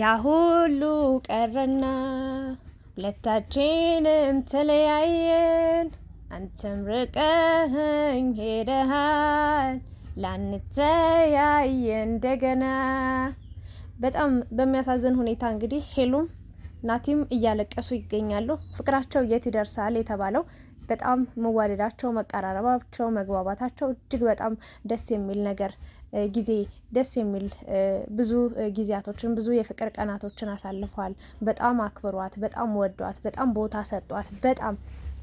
ያ ሁሉ ቀረና ሁለታችንም ተለያየን። አንተም ርቀህኝ ሄደሃል ላንተያየ እንደገና። በጣም በሚያሳዝን ሁኔታ እንግዲህ ሄሉም ናቲም እያለቀሱ ይገኛሉ። ፍቅራቸው የት ይደርሳል የተባለው በጣም መዋደዳቸው፣ መቀራረባቸው፣ መግባባታቸው እጅግ በጣም ደስ የሚል ነገር ጊዜ ደስ የሚል ብዙ ጊዜያቶችን ብዙ የፍቅር ቀናቶችን አሳልፏል። በጣም አክብሯት፣ በጣም ወዷት፣ በጣም ቦታ ሰጧት። በጣም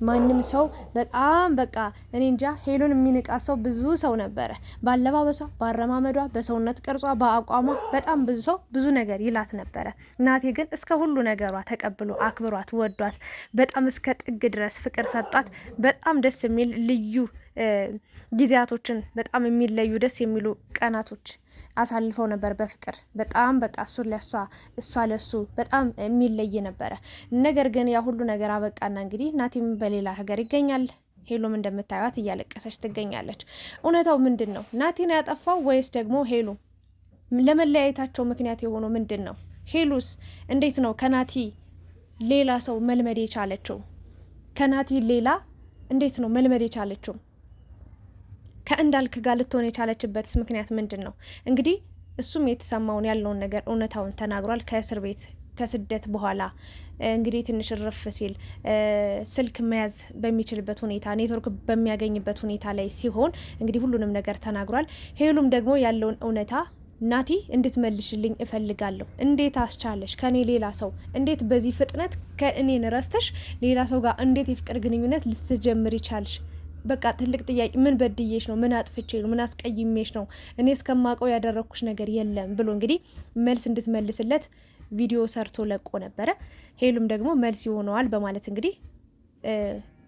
ማንም ሰው በጣም በቃ እኔ እንጃ ሄሉን የሚንቃት ሰው ብዙ ሰው ነበረ። በአለባበሷ፣ በአረማመዷ፣ በሰውነት ቅርጿ፣ በአቋሟ በጣም ብዙ ሰው ብዙ ነገር ይላት ነበረ። እናቴ ግን እስከ ሁሉ ነገሯ ተቀብሎ አክብሯት፣ ወዷት፣ በጣም እስከ ጥግ ድረስ ፍቅር ሰጧት። በጣም ደስ የሚል ልዩ ጊዜያቶችን በጣም የሚለዩ ደስ የሚሉ ቀናቶች አሳልፈው ነበር በፍቅር በጣም በቃ እሱ ለሷ እሷ ለሱ በጣም የሚለይ ነበረ። ነገር ግን ያ ሁሉ ነገር አበቃና እንግዲህ ናቲም በሌላ ሀገር ይገኛል። ሄሎም እንደምታዩት እያለቀሰች ትገኛለች። እውነታው ምንድን ነው? ናቲን ያጠፋው ወይስ ደግሞ ሄሉ? ለመለያየታቸው ምክንያት የሆነው ምንድን ነው? ሄሉስ እንዴት ነው ከናቲ ሌላ ሰው መልመድ የቻለችው? ከናቲ ሌላ እንዴት ነው መልመድ የቻለችው? ከእንዳልክ ጋር ልትሆን የቻለችበት ምክንያት ምንድን ነው? እንግዲህ እሱም የተሰማውን ያለውን ነገር እውነታውን ተናግሯል። ከእስር ቤት ከስደት በኋላ እንግዲህ ትንሽ ርፍ ሲል ስልክ መያዝ በሚችልበት ሁኔታ ኔትወርክ በሚያገኝበት ሁኔታ ላይ ሲሆን እንግዲህ ሁሉንም ነገር ተናግሯል። ሄሉም ደግሞ ያለውን እውነታ ናቲ እንድትመልሽልኝ እፈልጋለሁ። እንዴት አስቻለሽ? ከኔ ሌላ ሰው እንዴት በዚህ ፍጥነት ከእኔን ረስተሽ ሌላ ሰው ጋር እንዴት የፍቅር ግንኙነት ልትጀምር ይቻልሽ? በቃ ትልቅ ጥያቄ ምን በድዬሽ ነው? ምን አጥፍቼ ነው? ምን አስቀይሜሽ ነው? እኔ እስከማውቀው ያደረግኩሽ ነገር የለም ብሎ እንግዲህ መልስ እንድትመልስለት ቪዲዮ ሰርቶ ለቆ ነበረ። ሄሉም ደግሞ መልስ ይሆነዋል በማለት እንግዲህ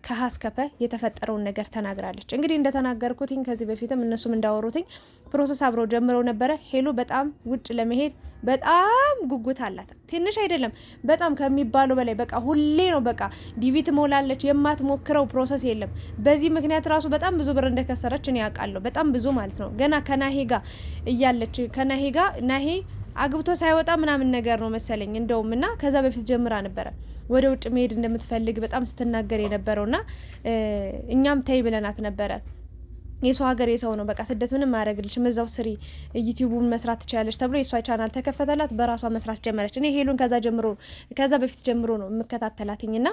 ከሀስከፈ የተፈጠረውን ነገር ተናግራለች። እንግዲህ እንደተናገርኩትኝ ከዚህ በፊትም እነሱም እንዳወሩትኝ ፕሮሰስ አብረው ጀምረው ነበረ። ሄሉ በጣም ውጭ ለመሄድ በጣም ጉጉት አላት። ትንሽ አይደለም በጣም ከሚባለው በላይ በቃ ሁሌ ነው። በቃ ዲቪ ትሞላለች፣ የማትሞክረው ፕሮሰስ የለም። በዚህ ምክንያት ራሱ በጣም ብዙ ብር እንደከሰረች እኔ ያውቃለሁ። በጣም ብዙ ማለት ነው። ገና ከናሄ ጋ እያለች ከናሄ ጋ ናሄ አግብቶ ሳይወጣ ምናምን ነገር ነው መሰለኝ እንደውም እና ከዛ በፊት ጀምራ ነበረ ወደ ውጭ መሄድ እንደምትፈልግ በጣም ስትናገር የነበረውና እኛም ተይ ብለናት ነበረ። የሰው ሀገር የሰው ነው። በቃ ስደት ምንም አያደርግልሽም። እዛው ስሪ ዩቲዩቡን መስራት ትችላለች ተብሎ የእሷ ቻናል ተከፈተላት። በራሷ መስራት ጀመረች። እኔ ሄሉን ከዛ ጀምሮ ከዛ በፊት ጀምሮ ነው ና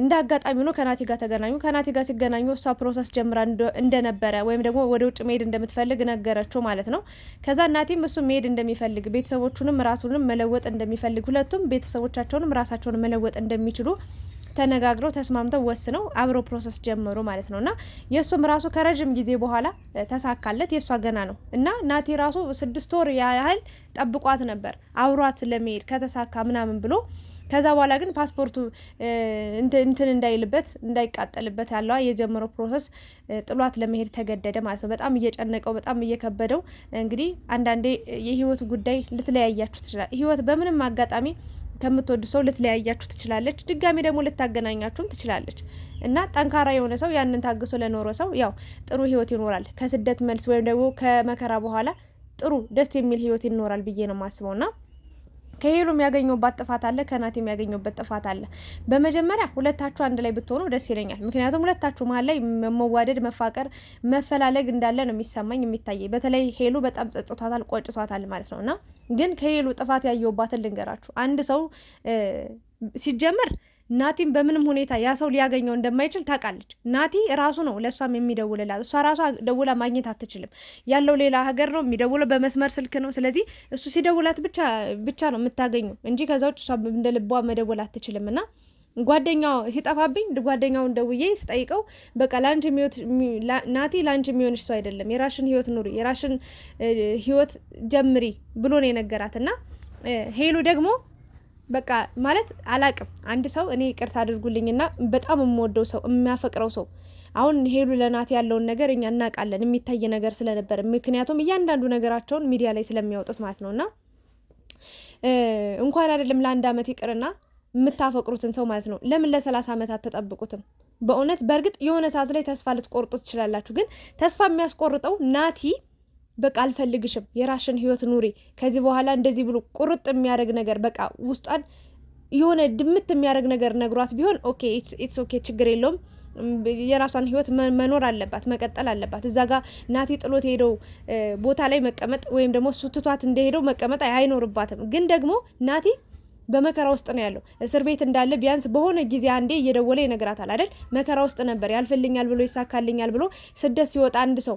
እንደ አጋጣሚ ሆኖ ከናቲ ጋር ተገናኙ። ከናቲ ጋር ሲገናኙ እሷ ፕሮሰስ ጀምራ እንደነበረ ወይም ደግሞ ወደ ውጭ መሄድ እንደምትፈልግ ነገረችው ማለት ነው። ከዛ እናቲም እሱ መሄድ እንደሚፈልግ ቤተሰቦቹንም ራሱንም መለወጥ እንደሚፈልግ ሁለቱም ቤተሰቦቻቸውንም ራሳቸውን መለወጥ እንደሚችሉ ተነጋግረው ተስማምተው ወስነው አብሮ ፕሮሰስ ጀመሩ ማለት ነው እና የእሱም ራሱ ከረዥም ጊዜ በኋላ ተሳካለት። የእሷ ገና ነው እና ናቲ ራሱ ስድስት ወር ያህል ጠብቋት ነበር አብሯት ለመሄድ ከተሳካ ምናምን ብሎ ከዛ በኋላ ግን ፓስፖርቱ እንትን እንዳይልበት እንዳይቃጠልበት ያለዋ የጀመረው ፕሮሰስ ጥሏት ለመሄድ ተገደደ ማለት ነው። በጣም እየጨነቀው በጣም እየከበደው እንግዲህ አንዳንዴ የህይወት ጉዳይ ልትለያያችሁ ትችላል። ህይወት በምንም አጋጣሚ ከምትወዱ ሰው ልትለያያችሁ ትችላለች። ድጋሚ ደግሞ ልታገናኛችሁም ትችላለች። እና ጠንካራ የሆነ ሰው ያንን ታግሶ ለኖረ ሰው ያው ጥሩ ህይወት ይኖራል። ከስደት መልስ ወይም ደግሞ ከመከራ በኋላ ጥሩ ደስ የሚል ህይወት ይኖራል ብዬ ነው የማስበው ና ከሄሉ የሚያገኙባት ጥፋት አለ፣ ከናት የሚያገኙበት ጥፋት አለ። በመጀመሪያ ሁለታችሁ አንድ ላይ ብትሆኑ ደስ ይለኛል። ምክንያቱም ሁለታችሁ መሀል ላይ መዋደድ፣ መፋቀር፣ መፈላለግ እንዳለ ነው የሚሰማኝ የሚታየኝ። በተለይ ሄሉ በጣም ጸጽቷታል፣ ቆጭቷታል ማለት ነው እና ግን ከሄሉ ጥፋት ያየውባትን ልንገራችሁ አንድ ሰው ሲጀመር ናቲም በምንም ሁኔታ ያ ሰው ሊያገኘው እንደማይችል ታውቃለች። ናቲ ራሱ ነው ለእሷም የሚደውልላት። እሷ ራሷ ደውላ ማግኘት አትችልም። ያለው ሌላ ሀገር ነው፣ የሚደውለው በመስመር ስልክ ነው። ስለዚህ እሱ ሲደውላት ብቻ ብቻ ነው የምታገኙ እንጂ ከዛ ውጭ እሷ እንደ ልቧ መደወል አትችልም እና ጓደኛው ሲጠፋብኝ ጓደኛውን ደውዬ ስጠይቀው በቃ ላንቺ የሚወት ናቲ ላንቺ የሚሆንሽ ሰው አይደለም፣ የራሽን ህይወት ኑሪ፣ የራሽን ህይወት ጀምሪ ብሎ ነው የነገራት እና ሄሉ ደግሞ በቃ ማለት አላቅም። አንድ ሰው እኔ ይቅርታ አድርጉልኝና በጣም የምወደው ሰው የሚያፈቅረው ሰው አሁን ሄሉ ለናት ያለውን ነገር እኛ እናውቃለን፣ የሚታይ ነገር ስለነበር ምክንያቱም እያንዳንዱ ነገራቸውን ሚዲያ ላይ ስለሚያወጡት ማለት ነውና እንኳን አይደለም ለአንድ ዓመት ይቅርና የምታፈቅሩትን ሰው ማለት ነው ለምን ለሰላሳ አመት አትጠብቁትም? በእውነት በእርግጥ የሆነ ሰዓት ላይ ተስፋ ልትቆርጡ ትችላላችሁ። ግን ተስፋ የሚያስቆርጠው ናቲ በቃ አልፈልግሽም፣ የራሽን ህይወት ኑሪ፣ ከዚህ በኋላ እንደዚህ ብሎ ቁርጥ የሚያደርግ ነገር በቃ ውስጧን የሆነ ድምት የሚያደርግ ነገር ነግሯት ቢሆን ኦኬ ኢትስ ኦኬ፣ ችግር የለውም። የራሷን ህይወት መኖር አለባት፣ መቀጠል አለባት። እዛ ጋ ናቲ ጥሎት ሄደው ቦታ ላይ መቀመጥ ወይም ደግሞ እሱ ትቷት እንደሄደው መቀመጥ አይኖርባትም። ግን ደግሞ ናቲ በመከራ ውስጥ ነው ያለው። እስር ቤት እንዳለ ቢያንስ በሆነ ጊዜ አንዴ እየደወለ ይነግራታል አይደል? መከራ ውስጥ ነበር፣ ያልፍልኛል ብሎ ይሳካልኛል ብሎ ስደት ሲወጣ አንድ ሰው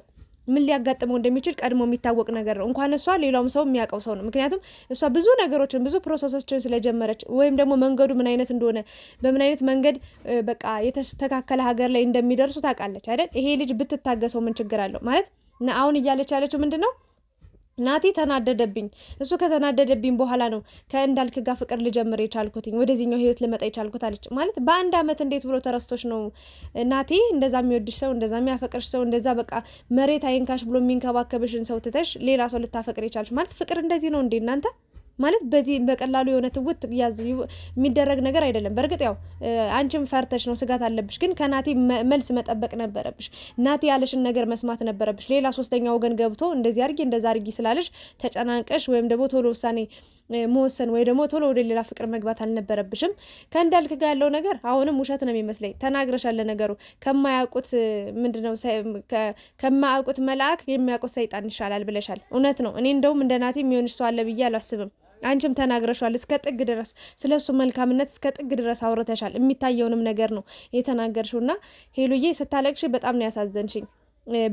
ምን ሊያጋጥመው እንደሚችል ቀድሞ የሚታወቅ ነገር ነው። እንኳን እሷ ሌላውም ሰው የሚያውቀው ሰው ነው። ምክንያቱም እሷ ብዙ ነገሮችን ብዙ ፕሮሰሶችን ስለጀመረች ወይም ደግሞ መንገዱ ምን አይነት እንደሆነ በምን አይነት መንገድ በቃ የተስተካከለ ሀገር ላይ እንደሚደርሱ ታውቃለች አይደል? ይሄ ልጅ ብትታገሰው ምን ችግር አለው ማለት አሁን እያለች ያለችው ምንድን ነው ናቲ ተናደደብኝ። እሱ ከተናደደብኝ በኋላ ነው ከእንዳልክ ጋር ፍቅር ልጀምር የቻልኩትኝ ወደዚህኛው ህይወት ልመጣ የቻልኩት አለች። ማለት በአንድ አመት እንዴት ብሎ ተረስቶች ነው ናቲ እንደዛ የሚወድሽ ሰው እንደዛ የሚያፈቅርሽ ሰው እንደዛ በቃ መሬት አይንካሽ ብሎ የሚንከባከብሽን ሰው ትተሽ ሌላ ሰው ልታፈቅር የቻልሽ ማለት ፍቅር እንደዚህ ነው እንዴ እናንተ? ማለት በዚህ በቀላሉ የሆነ ትውት ያዝ የሚደረግ ነገር አይደለም። በእርግጥ ያው አንቺም ፈርተሽ ነው ስጋት አለብሽ፣ ግን ከናቲ መልስ መጠበቅ ነበረብሽ። ናቲ ያለሽን ነገር መስማት ነበረብሽ። ሌላ ሶስተኛ ወገን ገብቶ እንደዚህ አርጊ እንደዛ አርጊ ስላለሽ ተጨናንቀሽ ወይም ደግሞ ቶሎ ውሳኔ መወሰን ወይ ደግሞ ቶሎ ወደ ሌላ ፍቅር መግባት አልነበረብሽም። ከእንዳልክ ጋር ያለው ነገር አሁንም ውሸት ነው የሚመስለኝ። ተናግረሻለ ነገሩ ከማያውቁት ምንድነው ከማያውቁት መልአክ የሚያውቁት ሰይጣን ይሻላል ብለሻል። እውነት ነው። እኔ እንደውም እንደ ናቲ የሚሆንሽ ሰው አለ ብዬ አላስብም። አንቺም ተናግረሻል እስከ ጥግ ድረስ ስለ እሱ መልካምነት እስከ ጥግ ድረስ አውርተሻል። የሚታየውንም ነገር ነው የተናገርሽው እና ሄሉዬ ስታለቅሽ በጣም ነው ያሳዘንሽኝ።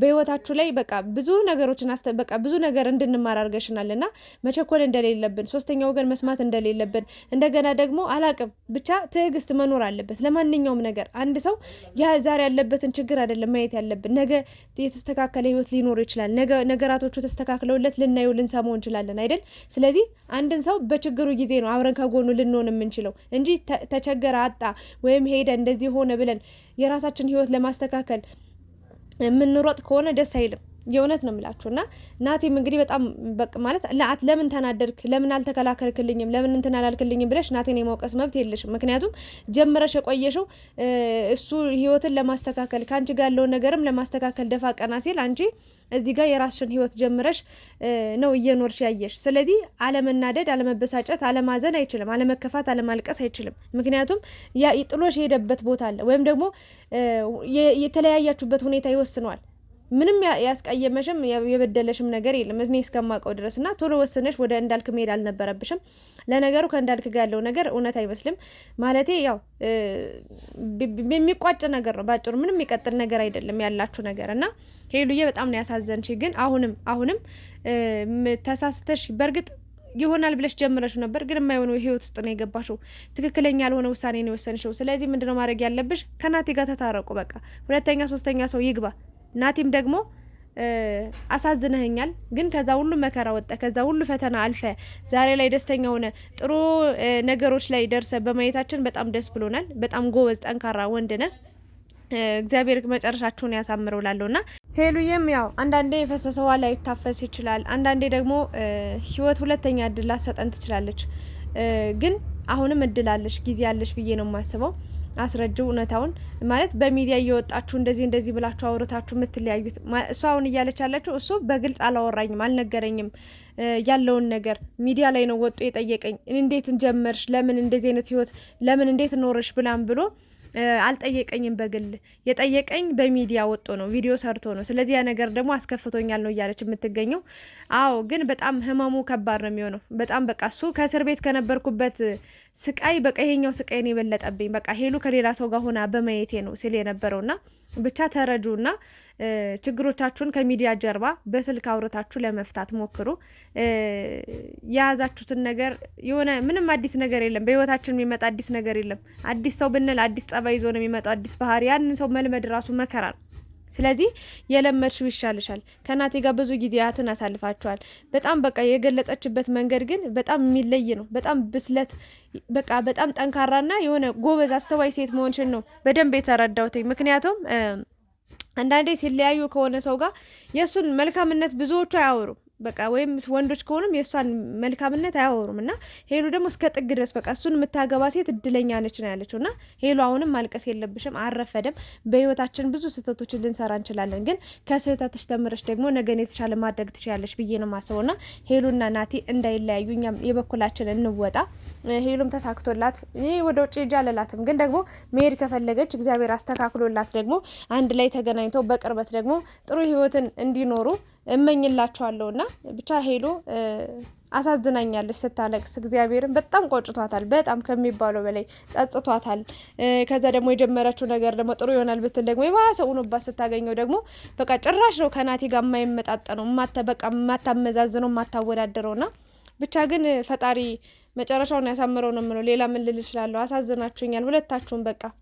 በህይወታችሁ ላይ በቃ ብዙ ነገሮችን በቃ ብዙ ነገር እንድንማር አድርገሽናል እና መቸኮል እንደሌለብን፣ ሶስተኛ ወገን መስማት እንደሌለብን እንደገና ደግሞ አላቅም ብቻ ትዕግስት መኖር አለበት ለማንኛውም ነገር። አንድ ሰው ያ ዛሬ ያለበትን ችግር አይደለም ማየት ያለብን። ነገ የተስተካከለ ህይወት ሊኖር ይችላል። ነገ ነገራቶቹ ተስተካክለውለት ልናየው ልንሰማው እንችላለን አይደል? ስለዚህ አንድን ሰው በችግሩ ጊዜ ነው አብረን ከጎኑ ልንሆን የምንችለው እንጂ ተቸገረ፣ አጣ ወይም ሄደ እንደዚህ ሆነ ብለን የራሳችን ህይወት ለማስተካከል የምንሮጥ ከሆነ ደስ አይልም። የእውነት ነው የምላችሁ። እና ናቲም እንግዲህ በጣም በቅ ማለት ለምን ተናደድክ፣ ለምን አልተከላከልክልኝም፣ ለምን እንትን አላልክልኝም ብለሽ ናቴን የማውቀስ መብት የለሽም። ምክንያቱም ጀምረሽ የቆየሽው እሱ ህይወትን ለማስተካከል ከአንቺ ጋር ያለውን ነገርም ለማስተካከል ደፋ ቀና ሲል አንቺ እዚህ ጋር የራስሽን ህይወት ጀምረሽ ነው እየኖርሽ ያየሽ። ስለዚህ አለመናደድ፣ አለመበሳጨት፣ አለማዘን አይችልም፣ አለመከፋት፣ አለማልቀስ አይችልም። ምክንያቱም ጥሎሽ የሄደበት ቦታ አለ ወይም ደግሞ የተለያያችሁበት ሁኔታ ይወስነዋል። ምንም ያስቀየመሽም የበደለሽም ነገር የለም እኔ እስከማውቀው ድረስ እና ቶሎ ወስነሽ ወደ እንዳልክ መሄድ አልነበረብሽም። ለነገሩ ከእንዳልክ ጋር ያለው ነገር እውነት አይመስልም። ማለቴ ያው የሚቋጭ ነገር ነው ባጭሩ። ምንም የሚቀጥል ነገር አይደለም ያላችሁ ነገር እና ሄሉዬ በጣም ነው ያሳዘንሽ። ግን አሁንም አሁንም ተሳስተሽ በእርግጥ ይሆናል ብለሽ ጀምረሽ ነበር፣ ግን የማይሆነው ህይወት ውስጥ ነው የገባሽው። ትክክለኛ ያልሆነ ውሳኔ ነው የወሰንሽው። ስለዚህ ምንድነው ማድረግ ያለብሽ? ከናቴ ጋር ተታረቁ። በቃ ሁለተኛ ሶስተኛ ሰው ይግባ ናቲም ደግሞ አሳዝነህኛል፣ ግን ከዛ ሁሉ መከራ ወጠ ከዛ ሁሉ ፈተና አልፈ ዛሬ ላይ ደስተኛ ሆነ ጥሩ ነገሮች ላይ ደርሰ በማየታችን በጣም ደስ ብሎናል። በጣም ጎበዝ ጠንካራ ወንድ ነ እግዚአብሔር መጨረሻችሁን ያሳምረው ና ሄሉዬም ያው አንዳንዴ የፈሰሰ ውሃ ላይታፈስ ይችላል። አንዳንዴ ደግሞ ህይወት ሁለተኛ እድል ላሰጠን ትችላለች። ግን አሁንም እድላለች ጊዜ አለሽ ብዬ ነው የማስበው። አስረጅው እውነታውን ማለት በሚዲያ እየወጣችሁ እንደዚህ እንደዚህ ብላችሁ አውርታችሁ የምትለያዩት። እሱ አሁን እያለች ያለችው እሱ በግልጽ አላወራኝም፣ አልነገረኝም ያለውን ነገር ሚዲያ ላይ ነው ወጡ የጠየቀኝ። እንዴት እንጀመርሽ? ለምን እንደዚህ አይነት ህይወት ለምን እንዴት ኖረሽ? ብላም ብሎ አልጠየቀኝም በግል የጠየቀኝ በሚዲያ ወጥቶ ነው፣ ቪዲዮ ሰርቶ ነው። ስለዚህ ያ ነገር ደግሞ አስከፍቶኛል ነው እያለች የምትገኘው። አዎ ግን በጣም ህመሙ ከባድ ነው የሚሆነው። በጣም በቃ እሱ ከእስር ቤት ከነበርኩበት ስቃይ በቃ ይሄኛው ስቃይ ነው የበለጠብኝ። በቃ ሄሉ ከሌላ ሰው ጋር ሆና በማየቴ ነው ሲል የነበረውና ብቻ ና ችግሮቻችሁን ከሚዲያ ጀርባ በስልክ አውርታችሁ ለመፍታት ሞክሩ። የያዛችሁትን ነገር የሆነ ምንም አዲስ ነገር የለም። በህይወታችን የሚመጣ አዲስ ነገር የለም። አዲስ ሰው ብንል አዲስ ጸባይ ይዞ ነው የሚመጣው፣ አዲስ ባህሪ። ያንን ሰው መልመድ ራሱ መከራ ነው። ስለዚህ የለመድሽው ይሻልሻል። ከእናቴ ጋር ብዙ ጊዜያትን አሳልፋችኋል። በጣም በቃ የገለጸችበት መንገድ ግን በጣም የሚለይ ነው። በጣም ብስለት በቃ በጣም ጠንካራና የሆነ ጎበዝ አስተዋይ ሴት መሆንሽን ነው በደንብ የተረዳሁትኝ። ምክንያቱም አንዳንዴ ሲለያዩ ከሆነ ሰው ጋር የእሱን መልካምነት ብዙዎቹ አያወሩም። በቃ ወይም ወንዶች ከሆኑም የእሷን መልካምነት አያወሩም። እና ሄሉ ደግሞ እስከ ጥግ ድረስ በቃ እሱን የምታገባ ሴት እድለኛ ነች ነው ያለችው። እና ሄሉ አሁንም ማልቀስ የለብሽም፣ አረፈደም። በህይወታችን ብዙ ስህተቶችን ልንሰራ እንችላለን፣ ግን ከስህተትሽ ተምረሽ ደግሞ ነገን የተሻለ ማድረግ ትችላለች ብዬ ነው ማስበው። ና ሄሉና ናቲ እንዳይለያዩ እኛም የበኩላችን እንወጣ። ሄሉም ተሳክቶላት ይህ ወደ ውጭ ሂጅ አለላትም። ግን ደግሞ መሄድ ከፈለገች እግዚአብሔር አስተካክሎላት ደግሞ አንድ ላይ ተገናኝተው በቅርበት ደግሞ ጥሩ ህይወትን እንዲኖሩ እመኝላቸዋለሁ። ና ብቻ ሄሉ አሳዝናኛለች ስታለቅስ። እግዚአብሔርን በጣም ቆጭቷታል፣ በጣም ከሚባለው በላይ ጸጽቷታል። ከዛ ደግሞ የጀመረችው ነገር ደግሞ ጥሩ ይሆናል ብትል ደግሞ የባሰ ሆኖባት ስታገኘው ደግሞ በቃ ጭራሽ ነው ከናቴ ጋር የማይመጣጠነው፣ በቃ የማታመዛዝነው፣ የማታወዳደረው ና ብቻ ግን ፈጣሪ መጨረሻውን ያሳምረው ነው የምለው። ሌላ ምን ልል እችላለሁ? አሳዝናችሁኛል ሁለታችሁም በቃ